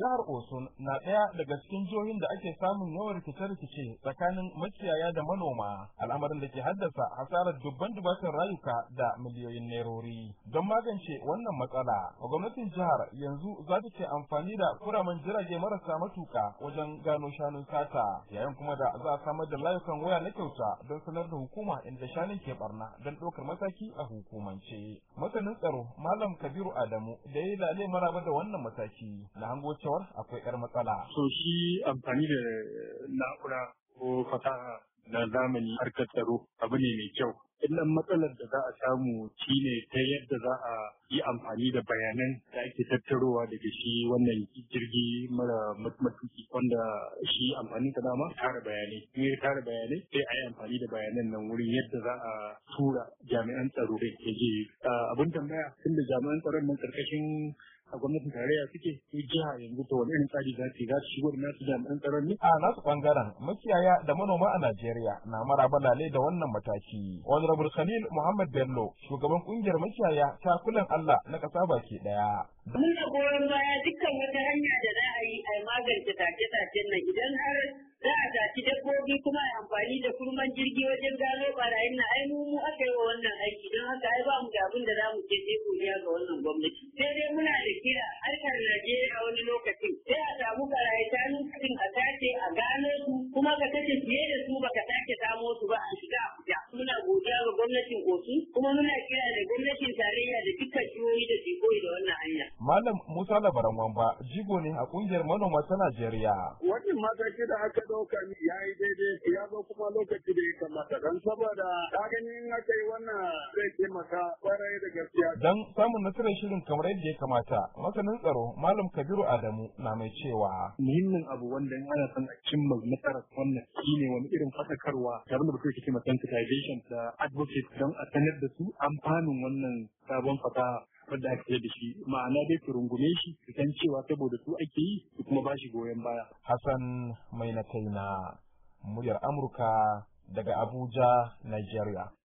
jihar Osun na ɗaya daga cikin jihohin da ake samun yawan rikice-rikice tsakanin makiyaya da manoma, al'amarin da ke haddasa hasarar dubban dubatar rayuka da miliyoyin nerori. Don magance wannan matsala, gwamnatin jihar yanzu za ta ke amfani da kuraman jirage marasa matuka wajen gano shanun sata, yayin kuma da za a samar da layukan waya na kyauta don sanar da hukuma inda shanun ke barna don ɗaukar mataki a hukumance. Masanin tsaro Malam Kabiru Adamu da ya yi lale maraba da wannan mataki na hango cewar akwai yar matsala. So shi amfani da na'ura ko fasaha na zamani harkar tsaro abu ne mai kyau Illan matsalar da za a samu ne ta yadda za a yi amfani da bayanan da ake tattarowa daga shi wannan jirgi mara matuki wanda shi amfani da dama tara bayanai. In ya tara bayanai sai a yi amfani da bayanan nan wurin yadda za a tura jami'an tsaro da ke abin tambaya tun da jami'an tsaron nan karkashin a gwamnatin tarayya suke su jiha yanzu to wani irin tsari za su za su shigo da nasu jami'an tsaron ne. A nasu bangaren makiyaya da manoma a Najeriya na maraba lale da wannan mataki. Wani Honorable Khalil Muhammad Bello, shugaban kungiyar makiyaya ta kulan Allah na kasa baki daya. Muna goyon baya dukkan wata hanya da za a yi a magance tace-tacen nan idan har za a tafi dabbobi kuma a amfani da kurman jirgi wajen gano barayin na ai mu aka yi wa wannan aiki don haka ai ba mu da abin da za mu ke sai godiya ga wannan gwamnati. Sai dai muna da kira harkar Najeriya wani lokacin sai a samu barayi ta nufin a tace a gano su kuma ka tace fiye da su ba baka sake samo su ba a shiga a muna godiya ga gwamnatin Osun kuma muna kira da gwamnatin tarayya da dukkan jihohi da su koyi da wannan hanya. Malam Musa Labaran Wamba jigo ne a kungiyar manoma ta Najeriya. Wannan mataki da aka ɗauka ya yi daidai ya zo kuma lokaci da ya kamata don saboda Ta gani in aka yi wannan zai taimaka kwarai da gaskiya. Don samun nasarar shirin kamar yadda ya kamata masanin tsaro Malam Kabiru Adamu na mai cewa. Muhimmin abu wanda ana son a cimma nasarar wannan shine wani irin fasakarwa da abin da mutum ke ce sensitization patient da advocate don a sanar da su amfanin wannan sabon fasaha wadda ake da shi ma'ana dai su rungume shi su san cewa saboda su ake yi su kuma ba shi goyon baya. Hassan mai na kai na muryar Amurka daga Abuja, Nigeria.